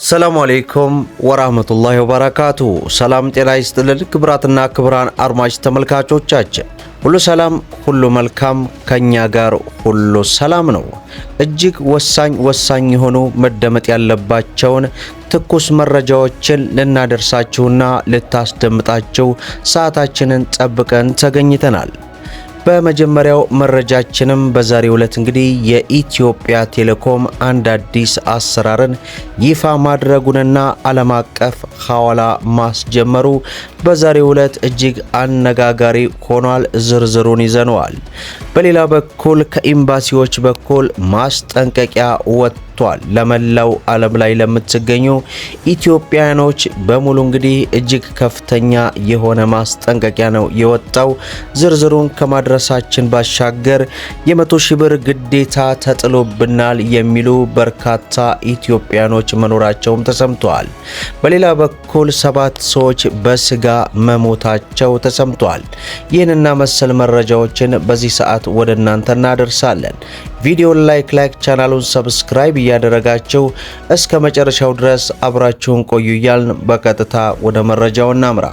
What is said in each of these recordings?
አሰላሙ አሌይኩም ወራህመቱላሂ ወበረካቱ። ሰላም ጤና ይስጥልል ክብራትና ክብራን አድማጭ ተመልካቾቻችን ሁሉ ሰላም ሁሉ መልካም፣ ከኛ ጋር ሁሉ ሰላም ነው። እጅግ ወሳኝ ወሳኝ የሆኑ መደመጥ ያለባቸውን ትኩስ መረጃዎችን ልናደርሳችሁና ልታስደምጣችሁ ሰዓታችንን ጠብቀን ተገኝተናል። በመጀመሪያው መረጃችንም በዛሬው ዕለት እንግዲህ የኢትዮጵያ ቴሌኮም አንድ አዲስ አሰራርን ይፋ ማድረጉንና ዓለም አቀፍ ሐዋላ ማስጀመሩ በዛሬው ዕለት እጅግ አነጋጋሪ ሆኗል። ዝርዝሩን ይዘነዋል። በሌላ በኩል ከኤምባሲዎች በኩል ማስጠንቀቂያ ወጥ ሰጥቷል። ለመላው ዓለም ላይ ለምትገኙ ኢትዮጵያኖች በሙሉ እንግዲህ እጅግ ከፍተኛ የሆነ ማስጠንቀቂያ ነው የወጣው። ዝርዝሩን ከማድረሳችን ባሻገር የመቶ ሺህ ብር ግዴታ ተጥሎብናል የሚሉ በርካታ ኢትዮጵያኖች መኖራቸውም ተሰምተዋል። በሌላ በኩል ሰባት ሰዎች በስጋ መሞታቸው ተሰምተዋል። ይህንና መሰል መረጃዎችን በዚህ ሰዓት ወደ እናንተ እናደርሳለን። ቪዲዮን ላይክ ላይክ ቻናሉን ሰብስክራይብ እያደረጋችሁ እስከ መጨረሻው ድረስ አብራችሁን ቆዩ እያልን በቀጥታ ወደ መረጃው እናምራ።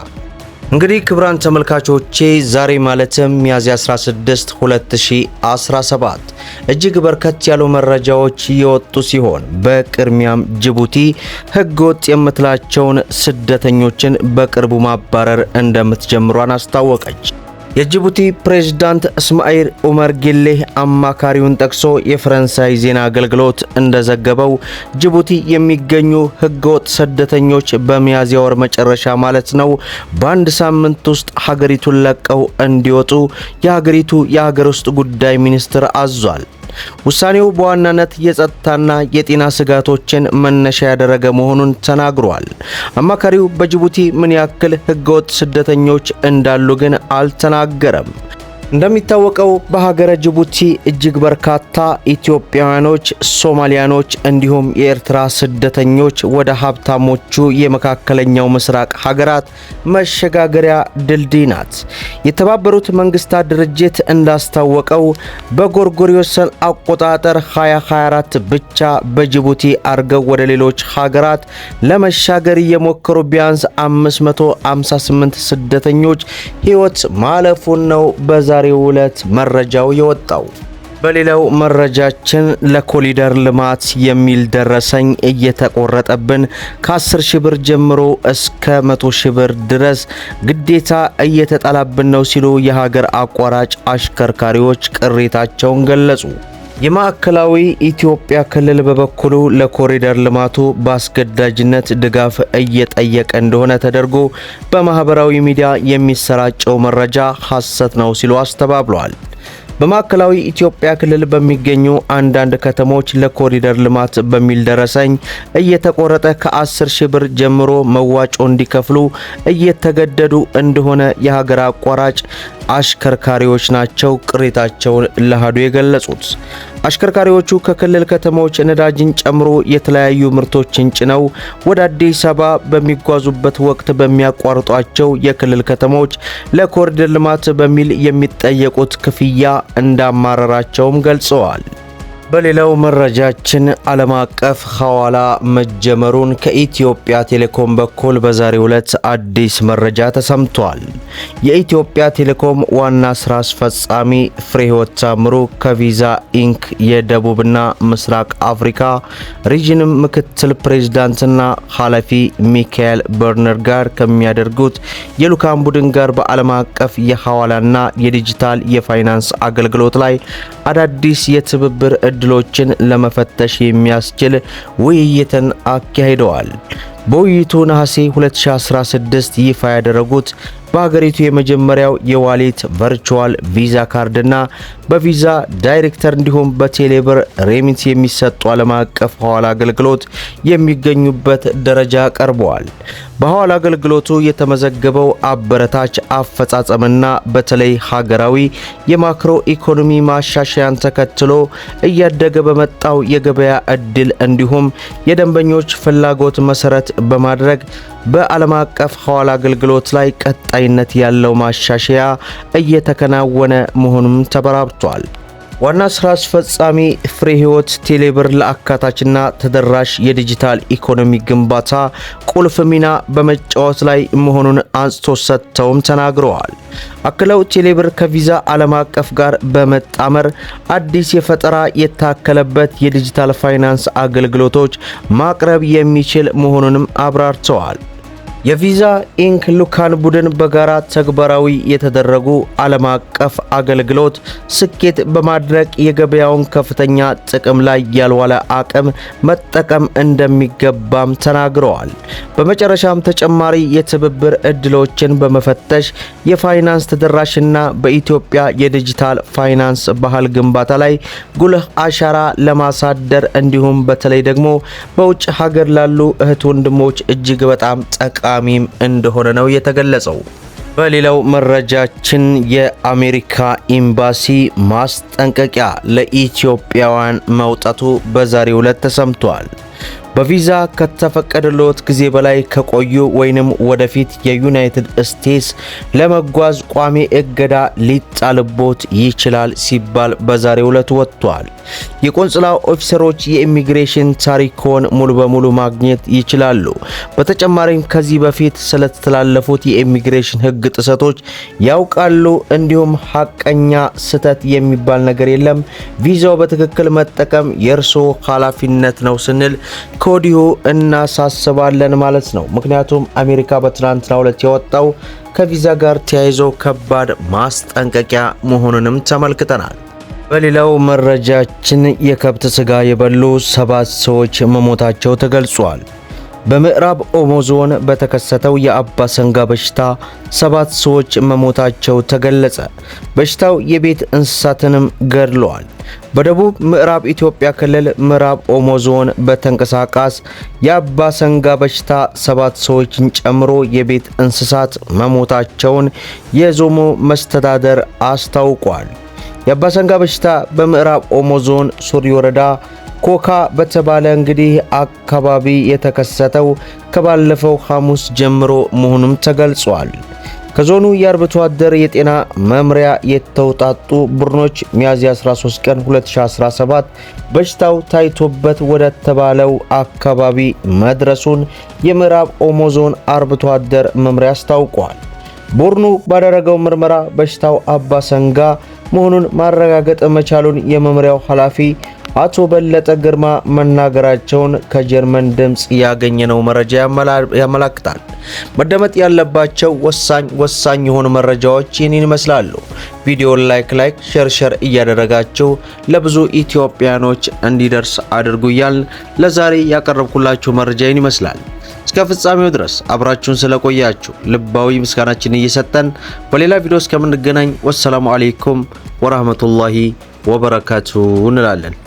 እንግዲህ ክብራን ተመልካቾቼ ዛሬ ማለትም ሚያዝያ 16 2017 እጅግ በርከት ያሉ መረጃዎች የወጡ ሲሆን በቅድሚያም ጅቡቲ ሕገወጥ የምትላቸውን ስደተኞችን በቅርቡ ማባረር እንደምትጀምሯን አስታወቀች። የጅቡቲ ፕሬዝዳንት እስማኤል ኡመር ጌሌህ አማካሪውን ጠቅሶ የፈረንሳይ ዜና አገልግሎት እንደዘገበው ጅቡቲ የሚገኙ ህገወጥ ስደተኞች በሚያዝያ ወር መጨረሻ ማለት ነው በአንድ ሳምንት ውስጥ ሀገሪቱን ለቀው እንዲወጡ የሀገሪቱ የሀገር ውስጥ ጉዳይ ሚኒስትር አዟል። ውሳኔው በዋናነት የጸጥታና የጤና ስጋቶችን መነሻ ያደረገ መሆኑን ተናግሯል። አማካሪው በጅቡቲ ምን ያክል ህገወጥ ስደተኞች እንዳሉ ግን አልተናገረም። እንደሚታወቀው በሀገረ ጅቡቲ እጅግ በርካታ ኢትዮጵያውያኖች፣ ሶማሊያኖች እንዲሁም የኤርትራ ስደተኞች ወደ ሀብታሞቹ የመካከለኛው ምስራቅ ሀገራት መሸጋገሪያ ድልድይ ናት። የተባበሩት መንግስታት ድርጅት እንዳስታወቀው በጎርጎሪዮሰን አቆጣጠር 2024 ብቻ በጅቡቲ አድርገው ወደ ሌሎች ሀገራት ለመሻገር እየሞከሩ ቢያንስ 558 ስደተኞች ሕይወት ማለፉን ነው በዛ በዛሬው ዕለት መረጃው የወጣው። በሌላው መረጃችን ለኮሊደር ልማት የሚል ደረሰኝ እየተቆረጠብን ከ10 ሺህ ብር ጀምሮ እስከ 100 ሺህ ብር ድረስ ግዴታ እየተጣላብን ነው ሲሉ የሀገር አቋራጭ አሽከርካሪዎች ቅሬታቸውን ገለጹ። የማዕከላዊ ኢትዮጵያ ክልል በበኩሉ ለኮሪደር ልማቱ በአስገዳጅነት ድጋፍ እየጠየቀ እንደሆነ ተደርጎ በማህበራዊ ሚዲያ የሚሰራጨው መረጃ ሐሰት ነው ሲሉ አስተባብሏል። በማዕከላዊ ኢትዮጵያ ክልል በሚገኙ አንዳንድ ከተሞች ለኮሪደር ልማት በሚል ደረሰኝ እየተቆረጠ ከ10 ሺህ ብር ጀምሮ መዋጮ እንዲከፍሉ እየተገደዱ እንደሆነ የሀገር አቋራጭ አሽከርካሪዎች ናቸው ቅሬታቸውን ለአሃዱ የገለጹት። አሽከርካሪዎቹ ከክልል ከተሞች ነዳጅን ጨምሮ የተለያዩ ምርቶችን ጭነው ወደ አዲስ አበባ በሚጓዙበት ወቅት በሚያቋርጧቸው የክልል ከተሞች ለኮሪደር ልማት በሚል የሚጠየቁት ክፍያ እንዳማረራቸውም ገልጸዋል። በሌላው መረጃችን ዓለም አቀፍ ሐዋላ መጀመሩን ከኢትዮጵያ ቴሌኮም በኩል በዛሬው ዕለት አዲስ መረጃ ተሰምቷል። የኢትዮጵያ ቴሌኮም ዋና ስራ አስፈጻሚ ፍሬሕይወት ታምሩ ከቪዛ ኢንክ የደቡብና ምስራቅ አፍሪካ ሪጅን ምክትል ፕሬዝዳንትና ኃላፊ ሚካኤል በርነር ጋር ከሚያደርጉት የልዑካን ቡድን ጋር በዓለም አቀፍ የሐዋላና የዲጂታል የፋይናንስ አገልግሎት ላይ አዳዲስ የትብብር እድሎችን ለመፈተሽ የሚያስችል ውይይትን አካሂደዋል። በውይይቱ ነሐሴ 2016 ይፋ ያደረጉት በሀገሪቱ የመጀመሪያው የዋሌት ቨርቹዋል ቪዛ ካርድና በቪዛ ዳይሬክተር እንዲሁም በቴሌብር ሬሚት የሚሰጡ ዓለም አቀፍ ሐዋላ አገልግሎት የሚገኙበት ደረጃ ቀርበዋል። በሐዋላ አገልግሎቱ የተመዘገበው አበረታች አፈጻጸምና በተለይ ሀገራዊ የማክሮ ኢኮኖሚ ማሻሻያን ተከትሎ እያደገ በመጣው የገበያ እድል እንዲሁም የደንበኞች ፍላጎት መሰረት በማድረግ በዓለም አቀፍ ሐዋላ አገልግሎት ላይ ቀጣይነት ያለው ማሻሻያ እየተከናወነ መሆኑም ተበራብቷል። ዋና ስራ አስፈጻሚ ፍሬ ህይወት ቴሌብር ለአካታችና ተደራሽ የዲጂታል ኢኮኖሚ ግንባታ ቁልፍ ሚና በመጫወት ላይ መሆኑን አንስቶ ሰጥተውም ተናግረዋል። አክለው ቴሌብር ከቪዛ ዓለም አቀፍ ጋር በመጣመር አዲስ የፈጠራ የታከለበት የዲጂታል ፋይናንስ አገልግሎቶች ማቅረብ የሚችል መሆኑንም አብራርተዋል። የቪዛ ኢንክ ልኡካን ቡድን በጋራ ተግባራዊ የተደረጉ ዓለም አቀፍ አገልግሎት ስኬት በማድረግ የገበያውን ከፍተኛ ጥቅም ላይ ያልዋለ አቅም መጠቀም እንደሚገባም ተናግረዋል። በመጨረሻም ተጨማሪ የትብብር እድሎችን በመፈተሽ የፋይናንስ ተደራሽና በኢትዮጵያ የዲጂታል ፋይናንስ ባህል ግንባታ ላይ ጉልህ አሻራ ለማሳደር እንዲሁም በተለይ ደግሞ በውጭ ሀገር ላሉ እህት ወንድሞች እጅግ በጣም ጠቃ ጠቃሚም እንደሆነ ነው የተገለጸው። በሌላው መረጃችን የአሜሪካ ኤምባሲ ማስጠንቀቂያ ለኢትዮጵያውያን መውጣቱ በዛሬው ዕለት ተሰምቷል። በቪዛ ከተፈቀደለት ጊዜ በላይ ከቆዩ ወይንም ወደፊት የዩናይትድ ስቴትስ ለመጓዝ ቋሚ እገዳ ሊጣልቦት ይችላል ሲባል በዛሬው ዕለት ወጥቷል። የቆንጽላ ኦፊሰሮች የኢሚግሬሽን ታሪኮን ሙሉ በሙሉ ማግኘት ይችላሉ። በተጨማሪም ከዚህ በፊት ስለተላለፉት የኢሚግሬሽን ህግ ጥሰቶች ያውቃሉ። እንዲሁም ሀቀኛ ስህተት የሚባል ነገር የለም። ቪዛው በትክክል መጠቀም የእርስዎ ኃላፊነት ነው ስንል ከወዲሁ እናሳስባለን ማለት ነው። ምክንያቱም አሜሪካ በትናንትናው ዕለት የወጣው ከቪዛ ጋር ተያይዞ ከባድ ማስጠንቀቂያ መሆኑንም ተመልክተናል። በሌላው መረጃችን የከብት ስጋ የበሉ ሰባት ሰዎች መሞታቸው ተገልጿል። በምዕራብ ኦሞ ዞን በተከሰተው የአባ ሰንጋ በሽታ ሰባት ሰዎች መሞታቸው ተገለጸ። በሽታው የቤት እንስሳትንም ገድለዋል። በደቡብ ምዕራብ ኢትዮጵያ ክልል ምዕራብ ኦሞ ዞን በተንቀሳቃስ የአባ ሰንጋ በሽታ ሰባት ሰዎችን ጨምሮ የቤት እንስሳት መሞታቸውን የዞሞ መስተዳደር አስታውቋል። የአባሰንጋ በሽታ በምዕራብ ኦሞ ዞን ሱሪ ወረዳ ኮካ በተባለ እንግዲህ አካባቢ የተከሰተው ከባለፈው ሐሙስ ጀምሮ መሆኑም ተገልጿል። ከዞኑ የአርብቶ አደር የጤና መምሪያ የተውጣጡ ቡድኖች ሚያዝያ 13 ቀን 2017 በሽታው ታይቶበት ወደ ተባለው አካባቢ መድረሱን የምዕራብ ኦሞ ዞን አርብቶ አደር መምሪያ አስታውቋል። ቡድኑ ባደረገው ምርመራ በሽታው አባሰንጋ መሆኑን ማረጋገጥ መቻሉን የመምሪያው ኃላፊ አቶ በለጠ ግርማ መናገራቸውን ከጀርመን ድምፅ ያገኘነው መረጃ ያመላክታል። መደመጥ ያለባቸው ወሳኝ ወሳኝ የሆኑ መረጃዎች ይህንን ይመስላሉ። ቪዲዮን ላይክ ላይክ ሼር ሼር እያደረጋችሁ ለብዙ ኢትዮጵያኖች እንዲደርስ አድርጉ እያልን ለዛሬ ያቀረብኩላችሁ መረጃ ይህን ይመስላል። እስከ ፍጻሜው ድረስ አብራችሁን ስለቆያችሁ ልባዊ ምስጋናችን እየሰጠን በሌላ ቪዲዮ እስከምንገናኝ ወሰላሙ አሌይኩም ወራህመቱላሂ ወበረካቱ እንላለን።